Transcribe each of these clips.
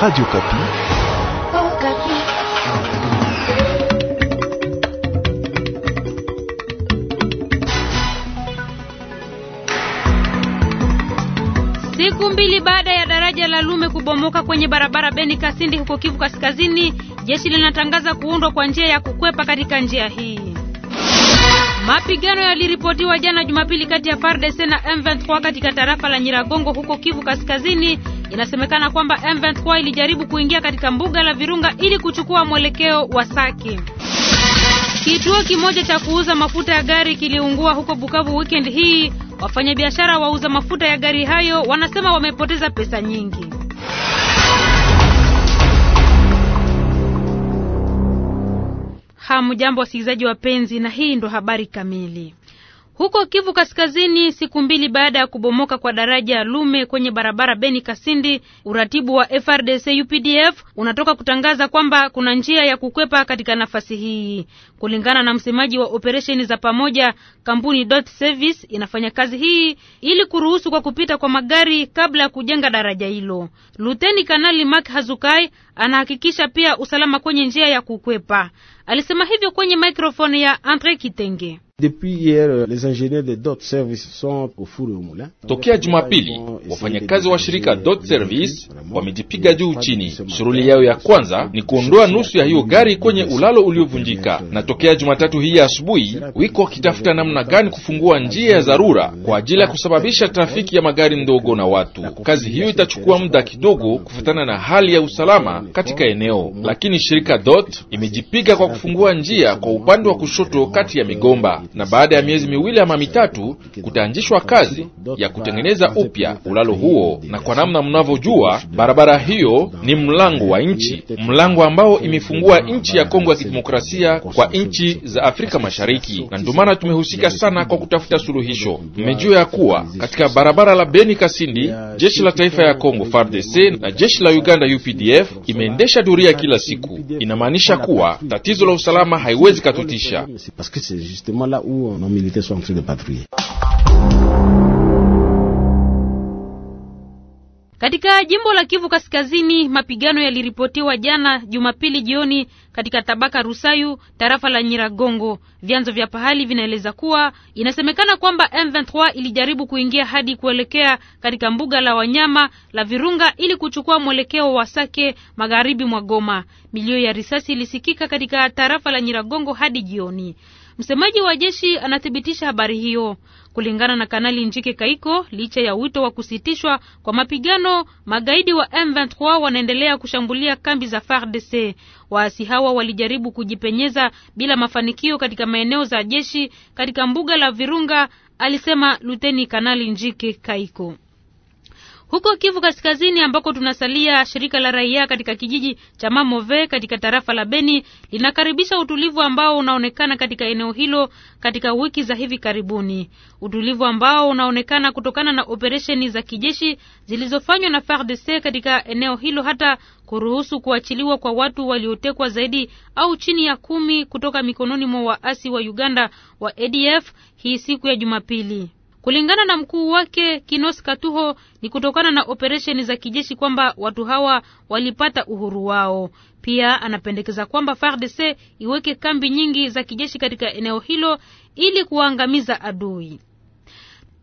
Radio Kapi. Oh, Kapi. Siku mbili baada ya daraja la Lume kubomoka kwenye barabara Beni Kasindi huko Kivu Kaskazini, jeshi linatangaza kuundwa kwa njia ya kukwepa katika njia hii. Mapigano yaliripotiwa jana Jumapili kati ya FARDC na M23 katika tarafa la Nyiragongo huko Kivu Kaskazini Inasemekana kwamba M23 ilijaribu kuingia katika mbuga la Virunga ili kuchukua mwelekeo wa Sake. Kituo kimoja cha kuuza mafuta ya gari kiliungua huko Bukavu weekend hii. Wafanyabiashara wauza mafuta ya gari hayo wanasema wamepoteza pesa nyingi. Hamjambo wasikilizaji wapenzi, na hii ndo habari kamili. Huko Kivu Kaskazini, siku mbili baada ya kubomoka kwa daraja Lume kwenye barabara Beni Kasindi, uratibu wa FRDC UPDF unatoka kutangaza kwamba kuna njia ya kukwepa katika nafasi hii. Kulingana na msemaji wa operesheni za pamoja, kampuni Dot Service inafanya kazi hii ili kuruhusu kwa kupita kwa magari kabla ya kujenga daraja hilo. Luteni Kanali Mark Hazukai anahakikisha pia usalama kwenye njia ya kukwepa. Alisema hivyo kwenye maikrofoni ya Andre Kitenge. Tokea Jumapili, wafanyakazi wa shirika Dot Service wamejipiga juu chini. Shughuli yao ya kwanza ni kuondoa nusu ya hiyo gari kwenye ulalo uliovunjika na tokea Jumatatu hii asubuhi wiko wakitafuta namna gani kufungua njia ya dharura kwa ajili ya kusababisha trafiki ya magari ndogo na watu. Kazi hiyo itachukua muda kidogo kufuatana na hali ya usalama katika eneo, lakini shirika DOT imejipiga kwa kufungua njia kwa upande wa kushoto kati ya migomba, na baada ya miezi miwili ama mitatu kutaanzishwa kazi ya kutengeneza upya ulalo huo. Na kwa namna mnavyojua, barabara hiyo ni mlango wa nchi, mlango ambao imefungua nchi ya Kongo ya Kidemokrasia kwa nchi za Afrika Mashariki, na ndio maana tumehusika sana kwa kutafuta suluhisho. Mmejua ya kuwa katika barabara la Beni Kasindi, jeshi la taifa ya Kongo FARDC na jeshi la Uganda UPDF imeendesha duria kila siku. Inamaanisha kuwa tatizo la usalama haiwezi katutisha. Katika jimbo la Kivu Kaskazini, mapigano yaliripotiwa jana Jumapili jioni katika tabaka Rusayu, tarafa la Nyiragongo. Vyanzo vya pahali vinaeleza kuwa inasemekana kwamba M23 ilijaribu kuingia hadi kuelekea katika mbuga la wanyama la Virunga ili kuchukua mwelekeo wa Sake, magharibi mwa Goma. Milio ya risasi ilisikika katika tarafa la Nyiragongo hadi jioni. Msemaji wa jeshi anathibitisha habari hiyo. Kulingana na Kanali Njike Kaiko, licha ya wito wa kusitishwa kwa mapigano, magaidi wa M23 wanaendelea kushambulia kambi za FARDC. Waasi hawa walijaribu kujipenyeza bila mafanikio katika maeneo za jeshi katika mbuga la Virunga, alisema Luteni Kanali Njike Kaiko. Huko Kivu Kaskazini ambako tunasalia, shirika la raia katika kijiji cha Mamove katika tarafa la Beni linakaribisha utulivu ambao unaonekana katika eneo hilo katika wiki za hivi karibuni, utulivu ambao unaonekana kutokana na operesheni za kijeshi zilizofanywa na FARDC katika eneo hilo, hata kuruhusu kuachiliwa kwa watu waliotekwa zaidi au chini ya kumi kutoka mikononi mwa waasi wa Uganda wa ADF hii siku ya Jumapili. Kulingana na mkuu wake Kinos Katuho, ni kutokana na operesheni za kijeshi kwamba watu hawa walipata uhuru wao. Pia anapendekeza kwamba FARDC iweke kambi nyingi za kijeshi katika eneo hilo ili kuwaangamiza adui.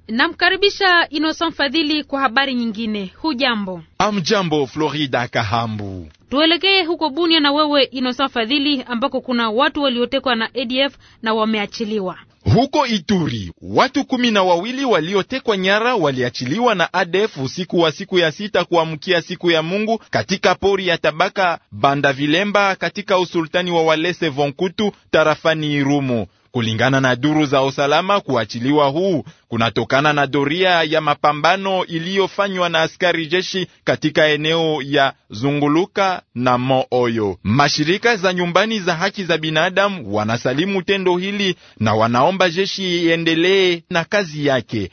Namkaribisha Innocent Fadhili kwa habari nyingine. Hujambo? Amjambo Florida Kahambu. Tuelekee huko Bunia na wewe Innocent Fadhili ambako kuna watu waliotekwa na ADF na wameachiliwa. Huko Ituri watu kumi na wawili waliotekwa nyara waliachiliwa na ADF usiku wa siku ya sita kuamkia siku ya Mungu katika pori ya tabaka Banda Vilemba katika usultani wa Walese Vonkutu tarafani Irumu. Kulingana na duru za usalama, kuachiliwa huu kunatokana na doria ya mapambano iliyofanywa na askari jeshi katika eneo ya Zunguluka na Mooyo. Mashirika za nyumbani za haki za binadamu wanasalimu tendo hili na wanaomba jeshi iendelee na kazi yake.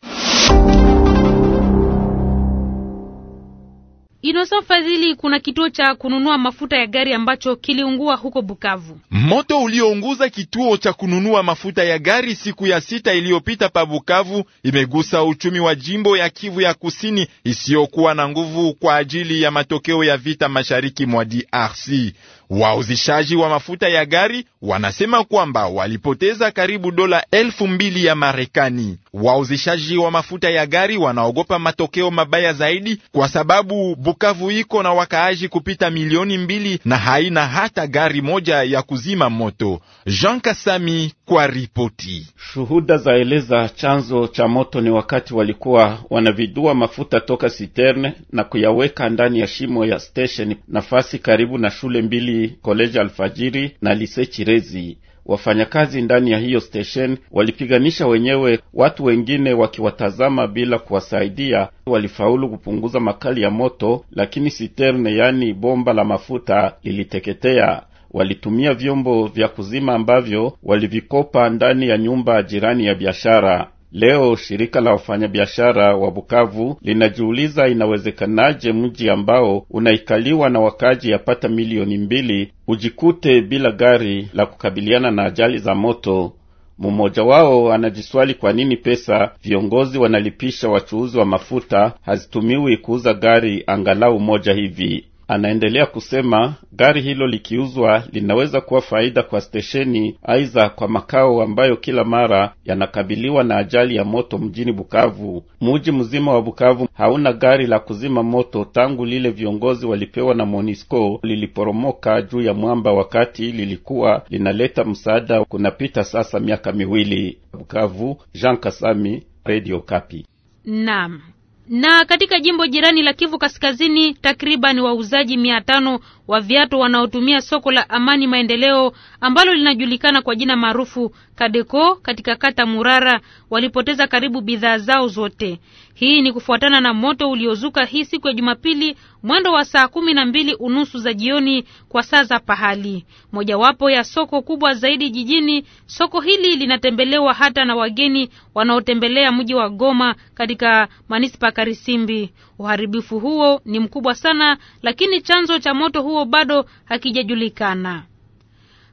Innocent Fadhili, kuna kituo cha kununua mafuta ya gari ambacho kiliungua huko Bukavu. Moto uliounguza kituo cha kununua mafuta ya gari siku ya sita iliyopita pa Bukavu imegusa uchumi wa jimbo ya Kivu ya Kusini isiyokuwa na nguvu kwa ajili ya matokeo ya vita mashariki mwa DRC. Wauzishaji wa mafuta ya gari wanasema kwamba walipoteza karibu dola elfu mbili ya Marekani. Wauzishaji wa mafuta ya gari wanaogopa matokeo mabaya zaidi, kwa sababu Bukavu iko na wakaaji kupita milioni mbili na haina hata gari moja ya kuzima moto. Jean Kasami kwa ripoti. Shuhuda zaeleza chanzo cha moto ni wakati walikuwa wanavidua mafuta toka siterne na kuyaweka ndani ya shimo ya stesheni nafasi karibu na shule mbili Mashariki, Koleji Alfajiri na Lise Chirezi. Wafanyakazi ndani ya hiyo station walipiganisha wenyewe, watu wengine wakiwatazama bila kuwasaidia. Walifaulu kupunguza makali ya moto, lakini siterne, yaani bomba la mafuta, liliteketea. Walitumia vyombo vya kuzima ambavyo walivikopa ndani ya nyumba jirani ya biashara. Leo shirika la wafanyabiashara wa Bukavu linajiuliza inawezekanaje mji ambao unaikaliwa na wakaji yapata milioni mbili ujikute bila gari la kukabiliana na ajali za moto. Mmoja wao anajiswali kwa nini pesa viongozi wanalipisha wachuuzi wa mafuta hazitumiwi kuuza gari angalau moja hivi. Anaendelea kusema gari hilo likiuzwa linaweza kuwa faida kwa stesheni, aidha kwa makao ambayo kila mara yanakabiliwa na ajali ya moto mjini Bukavu. Muji mzima wa Bukavu hauna gari la kuzima moto tangu lile viongozi walipewa na Monisco liliporomoka juu ya mwamba, wakati lilikuwa linaleta msaada. Kunapita sasa miaka miwili. Bukavu, Jean Kasami, Radio Kapi. Naam. Na katika jimbo jirani la Kivu Kaskazini, takriban wauzaji mia tano wa viatu wanaotumia soko la Amani Maendeleo ambalo linajulikana kwa jina maarufu Kadeko katika kata Murara walipoteza karibu bidhaa zao zote. Hii ni kufuatana na moto uliozuka hii siku ya Jumapili mwendo wa saa kumi na mbili unusu za jioni kwa saa za pahali, mojawapo ya soko kubwa zaidi jijini. Soko hili linatembelewa hata na wageni wanaotembelea mji wa Goma katika manispa Karisimbi. Uharibifu huo ni mkubwa sana, lakini chanzo cha moto huo bado hakijajulikana.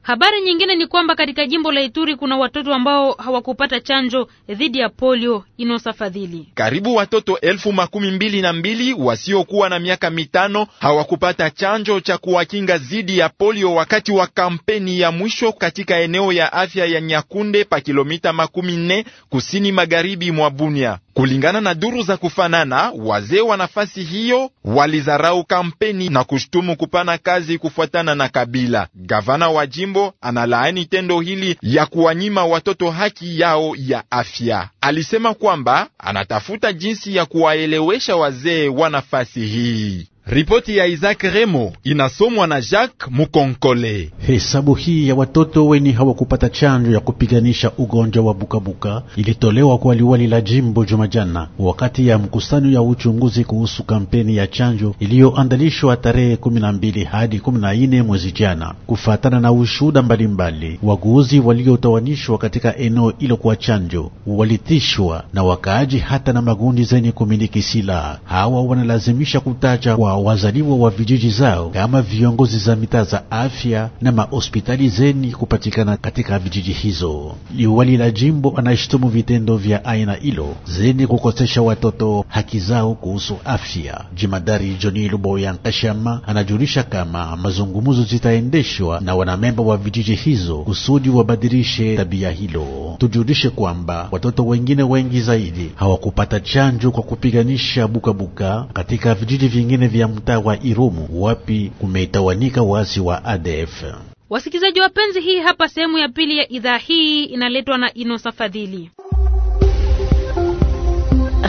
Habari nyingine ni kwamba katika jimbo la Ituri kuna watoto ambao hawakupata chanjo dhidi ya polio inosafadhili. Karibu watoto elfu makumi mbili na mbili wasiokuwa na miaka mitano hawakupata chanjo cha kuwakinga dhidi ya polio wakati wa kampeni ya mwisho katika eneo ya afya ya Nyakunde pa kilomita makumi nne kusini magharibi mwa Bunia. Kulingana na duru za kufanana, wazee wa nafasi hiyo walizarau kampeni na kushtumu kupana kazi kufuatana na kabila. Gavana wa jimbo analaani tendo hili ya kuwanyima watoto haki yao ya afya. Alisema kwamba anatafuta jinsi ya kuwaelewesha wazee wa nafasi hii. Ripoti ya Isaac Remo inasomwa na Jacques Mukonkole. Hesabu hii ya watoto weni hawakupata chanjo ya kupiganisha ugonjwa wa bukabuka ilitolewa kwa liwali la jimbo Jumajana wakati ya mkusanyo ya uchunguzi kuhusu kampeni ya chanjo iliyoandalishwa tarehe 12 hadi 14 mwezi jana. Kufatana na ushuhuda mbalimbali, waguzi waliotawanishwa katika eneo hilo kwa chanjo walitishwa na wakaaji hata na magundi zenye kumiliki silaha. Hawa wanalazimisha kutacha kwa wazaliwa wa vijiji zao kama viongozi za mitaa za afya na mahospitali zeni kupatikana katika vijiji hizo. Liwali la jimbo anashitumu vitendo vya aina hilo zeni kukosesha watoto haki zao kuhusu afya. Jimadari Joni Luboya Nkashama anajulisha kama mazungumzo zitaendeshwa na wanamemba wa vijiji hizo kusudi wabadilishe tabia hilo. Tujulishe kwamba watoto wengine wengi zaidi hawakupata chanjo kwa kupiganisha bukabuka buka katika vijiji vingine vya ya mtaa wa Irumu wapi kumetawanika waasi wa ADF. Wasikilizaji wapenzi, hii hapa sehemu ya pili ya idhaa hii inaletwa na Inosa Fadhili,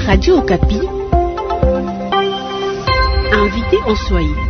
Radio Okapi, invité en Swahili.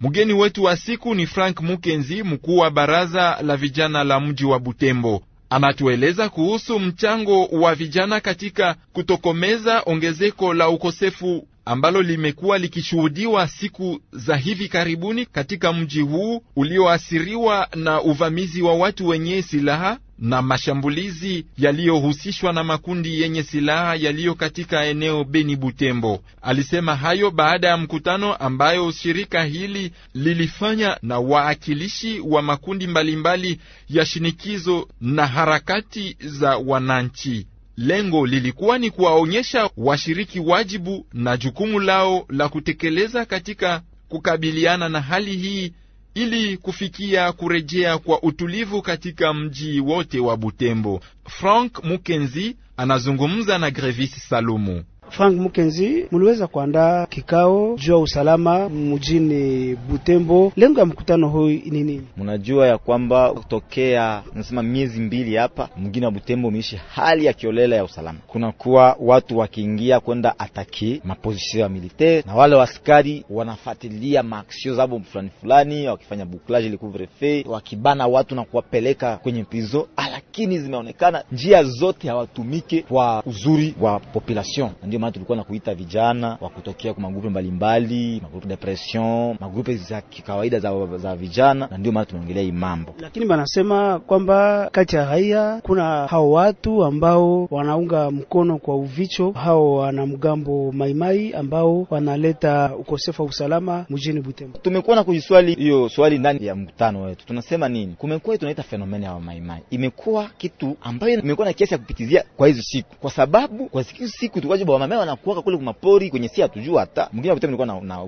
Mgeni wetu wa siku ni Frank Mukenzi, mkuu wa baraza la vijana la mji wa Butembo. Anatueleza kuhusu mchango wa vijana katika kutokomeza ongezeko la ukosefu ambalo limekuwa likishuhudiwa siku za hivi karibuni katika mji huu ulioathiriwa na uvamizi wa watu wenye silaha na mashambulizi yaliyohusishwa na makundi yenye silaha yaliyo katika eneo Beni Butembo. Alisema hayo baada ya mkutano ambayo shirika hili lilifanya na waakilishi wa makundi mbalimbali ya shinikizo na harakati za wananchi. Lengo lilikuwa ni kuwaonyesha washiriki wajibu na jukumu lao la kutekeleza katika kukabiliana na hali hii ili kufikia kurejea kwa utulivu katika mji wote wa Butembo. Frank Mukenzi anazungumza na Grevis Salumu. Frank Mukenzi muliweza kuandaa kikao juu ya usalama mjini Butembo. Lengo ya mkutano huu ni nini? Mnajua ya kwamba kutokea nasema miezi mbili hapa mjini wa Butembo umeishi hali ya kiolela ya usalama, kunakuwa watu wakiingia kwenda ataki mapozisio ya militaire na wale waskari wanafuatilia maaksio zabo fulani fulani, wakifanya bouclage le couvre-feu, wakibana watu na kuwapeleka kwenye prizo, ah, lakini zimeonekana njia zote hawatumike kwa uzuri wa population ndio maana tulikuwa nakuita vijana wa kutokea kwa magrupe mbalimbali, magrupe depression, magrupe za kikawaida za, za vijana, na ndio maana tumeongelea hii mambo. Lakini banasema kwamba kati ya raia kuna hao watu ambao wanaunga mkono kwa uvicho hao wanamgambo maimai ambao wanaleta ukosefu wa usalama mjini Butembo. Tumekuwa na kujiswali hiyo swali ndani ya mkutano wetu, tunasema nini? Kumekuwa tunaita fenomena ya maimai, imekuwa kitu ambayo imekuwa na kiasi ya kupitizia kwa hizo siku, kwa sababu kwa siku siku tukajibu wamama wanakuwaka kule kumapori kwenye si hatujua hata mwingine akuta nilikuwa na, na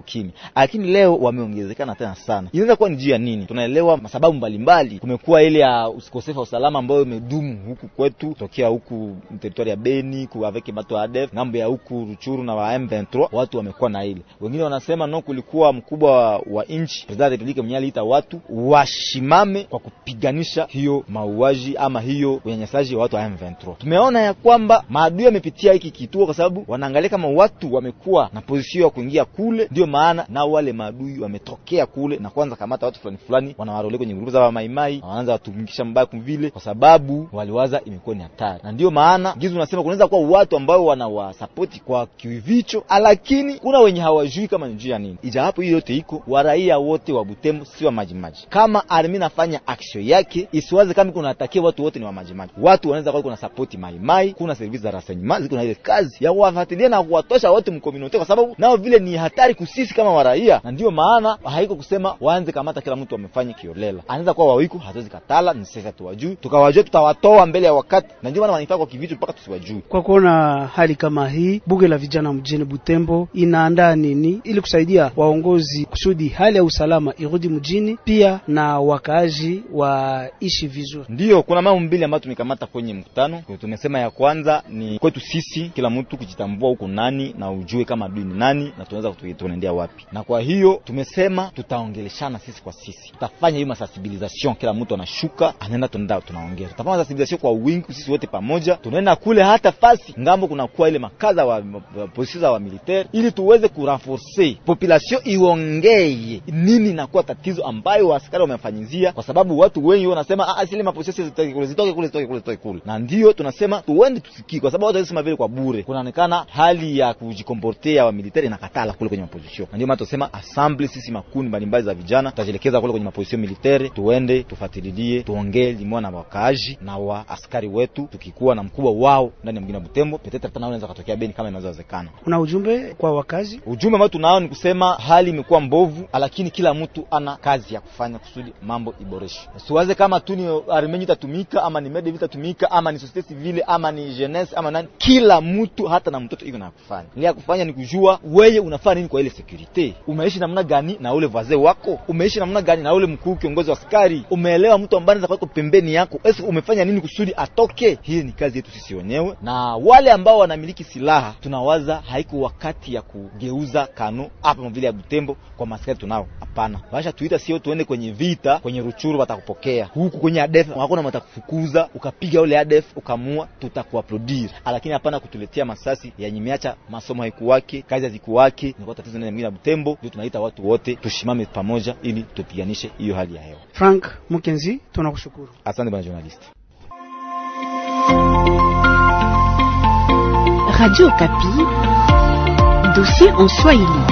lakini leo wameongezekana tena sana. Inaweza kuwa ni juu ya nini? Tunaelewa sababu mbalimbali. Kumekuwa ile ya ukosefu wa usalama ambayo imedumu huku kwetu tokea huku teritoria ya Beni kuaveke bato adef ngambo ya huku Ruchuru na wa M23, watu wamekuwa na ile. Wengine wanasema no, kulikuwa mkubwa wa nchi president wa republika mwenyewe aliita watu washimame kwa kupiganisha hiyo mauaji ama hiyo unyanyasaji wa watu wa M23. Tumeona ya kwamba maadui amepitia hiki kituo kwa sababu wanaangalia kama watu wamekuwa na pozisio ya kuingia kule, ndio maana nao wale maadui wametokea kule na kwanza kamata watu fulani fulani, wanawarolea kwenye grupu za wamaimai, wanaanza watumikisha mbaya kumvile, kwa sababu waliwaza imekuwa ni hatari, na ndio maana gizi unasema kunaweza kuwa watu ambao wanawasapoti kwa kivicho, lakini kuna wenye hawajui kama ni juu ya nini. Ijawapo hiyo yote iko, waraia wote wa Butembo si wa majimaji. Kama armi nafanya action yake, isiwaze kama kunatakia watu wote ni wa majimaji. Watu wanaweza kuwa kuna sapoti maimai, kuna servisi za rasenyuma ziko na ile kazi ya kuwafuatilia na kuwatosha wote mkomunite, kwa sababu nao vile ni hatari kusisi kama waraia, na ndiyo maana haiko kusema waanze kamata kila mtu amefanya kiolela, anaweza kuwa wawiku, hatuwezi katala. Ni sasa tuwajui, tukawajua tutawatoa mbele ya wakati, na ndio maana wanifaa kwa kivitu mpaka tusiwajui. Kwa kuona hali kama hii, bunge la vijana mjini Butembo inaandaa nini ili kusaidia waongozi kusudi hali ya usalama irudi mjini, pia na wakaaji waishi vizuri? Ndiyo, kuna mambo mbili ambayo tumekamata kwenye mkutano. Tumesema ya kwanza ni kwetu sisi kila mtu kujitambua kutambua huku nani na ujue kama dui ni nani na tunaweza tunaendea wapi. Na kwa hiyo tumesema tutaongeleshana sisi kwa sisi, tutafanya hiyo masensibilisation, kila mtu anashuka anaenda, tunaenda tunaongea, tutafanya masensibilisation kwa wingi, sisi wote pamoja tunaenda kule, hata fasi ngambo kunakuwa ile makaza wa polisi wa militari, ili tuweze kurenforce population iongee nini inakuwa tatizo ambayo waaskari wamefanyizia, kwa sababu watu wengi wanasema ah, zile mapolisi zitoke kule, zitoke kule, zitoke kule, zitoke kule, na ndio tunasema tuende tusikie, kwa sababu watu wanasema vile kwa bure kunaonekana hali ya kujikomportea wa militari inakatala kule kwenye mapozisio, na ndio maana tunasema assembly, sisi makundi mbalimbali za vijana tutajielekeza kule kwenye mapozisio militari, tuende tufatililie, tuongee limwa na wakaaji na wa askari wetu, tukikuwa na mkubwa wao ndani ya mjini wa Butembo petete, tena unaweza katokea Beni kama inawezekana. Kuna ujumbe kwa wakazi, ujumbe ambao tunao ni kusema hali imekuwa mbovu, lakini kila mtu ana kazi ya kufanya kusudi mambo iboreshe. Siwaze kama tu ni armenyi itatumika ama ni medevi itatumika ama ni societe civile ama ni jeunesse ama nani, kila mtu hata na mtoto iko nakufanya kufanya ni kufanya ni kujua wewe unafanya nini kwa ile security, umeishi namna gani na ule wazee wako, umeishi namna gani na ule mkuu kiongozi wa askari, umeelewa mtu ambaye anaweza kuwa pembeni yako, esi umefanya nini kusudi atoke. Hii ni kazi yetu sisi wenyewe, na wale ambao wanamiliki silaha tunawaza haiko wakati ya kugeuza kanu hapa mvile ya Butembo kwa maskari tunao, hapana, basha tuita sio tuende kwenye vita, kwenye ruchuru watakupokea huku, kwenye ADF hakuna matakufukuza, ukapiga ule ADF ukamua, tutakuaplodir, lakini hapana kutuletea masasi wakati yanyimeacha masomo haikuwaki, kazi hazikuwaki, ni kwa tatizo nene mwingine Butembo. Ndio tunaita watu wote tushimame pamoja ili tupiganishe hiyo hali ya hewa. Frank Mukenzi, tunakushukuru. Asante bwana journalist. Radio Kapi, dossier en Swahili.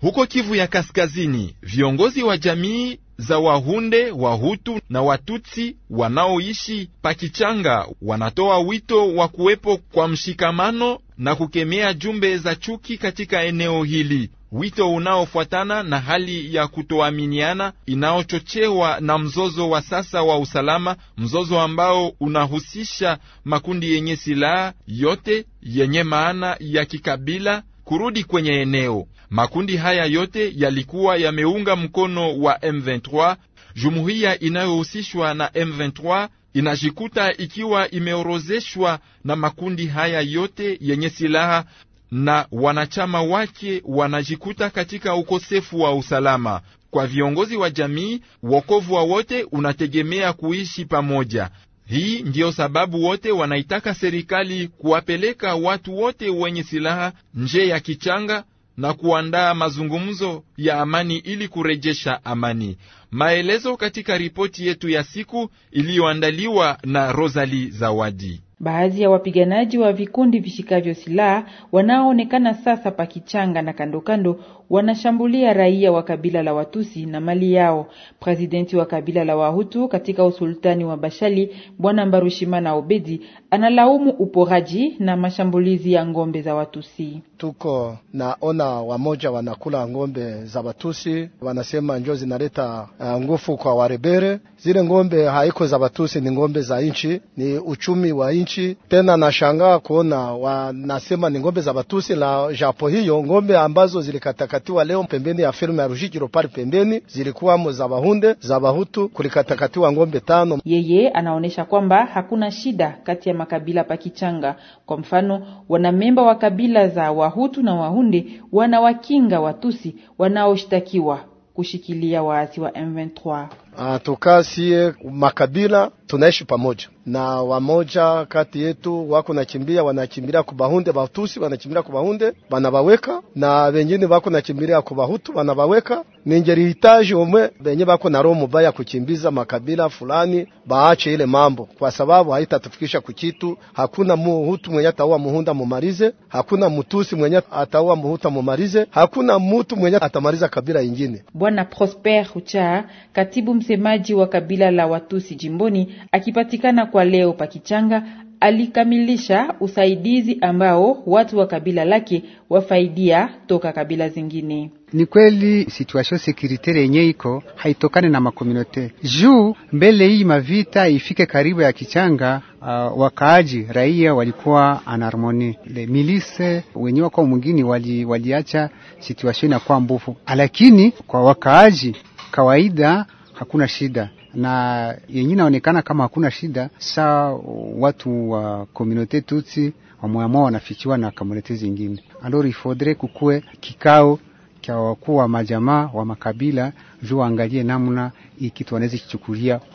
Huko Kivu ya Kaskazini, viongozi wa jamii za Wahunde, Wahutu na Watutsi wanaoishi Pakichanga wanatoa wito wa kuwepo kwa mshikamano na kukemea jumbe za chuki katika eneo hili, wito unaofuatana na hali ya kutoaminiana inayochochewa na mzozo wa sasa wa usalama, mzozo ambao unahusisha makundi yenye silaha yote yenye maana ya kikabila kurudi kwenye eneo. Makundi haya yote yalikuwa yameunga mkono wa M23. Jumuiya inayohusishwa na M23 inajikuta ikiwa imeorozeshwa na makundi haya yote yenye silaha na wanachama wake wanajikuta katika ukosefu wa usalama. Kwa viongozi wa jamii, wokovu wa wote unategemea kuishi pamoja. Hii ndiyo sababu wote wanaitaka serikali kuwapeleka watu wote wenye silaha nje ya kichanga na kuandaa mazungumzo ya amani ili kurejesha amani. Maelezo katika ripoti yetu ya siku iliyoandaliwa na Rosali Zawadi. Baadhi ya wapiganaji wa vikundi vishikavyo silaha wanaoonekana sasa Pakichanga na kandokando wanashambulia raia wa kabila la Watusi na mali yao. Presidenti wa kabila la Wahutu katika usultani wa Bashali, Bwana Mbarushimana Obedi, analaumu uporaji na mashambulizi ya ngombe za Watusi. Tuko naona wamoja wanakula ngombe za Watusi, wanasema njo zinaleta uh, eh, ngufu kwa warebere. Zile ngombe haiko za Watusi, ni ngombe za nchi, ni uchumi wa nchi. Tena nashangaa kuona wanasema ni ngombe za Watusi la japo hiyo ngombe ambazo zilikataka wakati wa leo pembeni ya ferme ya Rujigiro pale pembeni zilikuwamo za Bahunde za Bahutu kulikatakatiwa ngombe tano. Yeye anaonyesha kwamba hakuna shida kati ya makabila pakichanga. Kwa mfano, wanamemba wa kabila za Wahutu na Wahunde wanawakinga Watusi wanaoshtakiwa kushikilia waasi wa M23. Atukasie ah, makabila tunaishi pamoja na wamoja kati yetu wako nakimbia, wanakimbilia kubahunde, batusi wanakimbilia kubahunde banabaweka, na wengine wako nakimbilia kubahutu banabaweka. hitaji umwe benye bako na roho mubaya kukimbiza makabila fulani baache ile mambo, kwa sababu haitatufikisha kuchitu. Hakuna muhutu mwenye ataua muhunda mumarize, hakuna mutusi mwenye ataua muhuta mumarize, hakuna mutu mwenye atamaliza kabila ingine. Bwana Prosper Hucha, katibu msemaji wa kabila la Watusi jimboni akipatikana kwa Leo Pakichanga alikamilisha usaidizi ambao watu wa kabila lake wafaidia toka kabila zingine. Ni kweli situation sekuritaire yenye iko haitokane na makomunote juu mbele hii mavita ifike karibu ya Kichanga. Uh, wakaaji raia walikuwa anarmoni le milise wenye wako mwingine wali, waliacha situation inakuwa mbovu, lakini kwa wakaaji kawaida hakuna shida na yenye inaonekana kama hakuna shida saa watu wa komunote Tutsi wamoyamwa wanafichiwa na komunote zingine. Alor ifodre kukue kikao kya wakuu wa majamaa wa makabila juu waangalie namna hii kitu wanaweza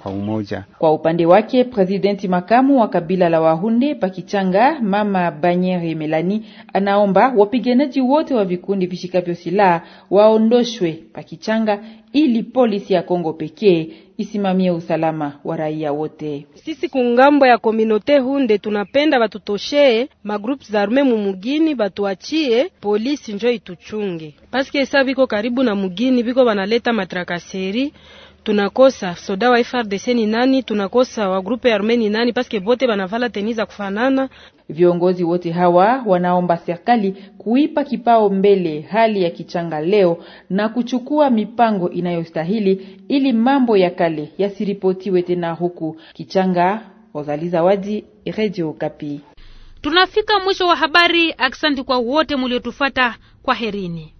kwa umoja. Kwa upande wake, presidenti makamu wa kabila la Wahunde Pakichanga, Mama Banyere Melani, anaomba wapiganaji wote wa vikundi vishikavyo silaha waondoshwe Pakichanga ili polisi ya Kongo pekee isimamie usalama wa raia wote. Sisi kungambo ya kominote Hunde tunapenda batutoshee magroups za arme mumugini, batuachie polisi njo ituchunge, paske sa viko karibu na mugini, viko banaleta matrakaseri tunakosa soda wa FRDC ni nani, tunakosa wa grupe arme ni nani, paske bote banavala teni za kufanana. Viongozi wote hawa wanaomba serikali kuipa kipao mbele hali ya kichanga leo na kuchukua mipango inayostahili ili mambo ya kale yasiripotiwe tena huku Kichanga. Ozali Zawadi, Radio Kapi. Tunafika mwisho wa habari. Aksanti kwa wote mliotufuata, kwa herini.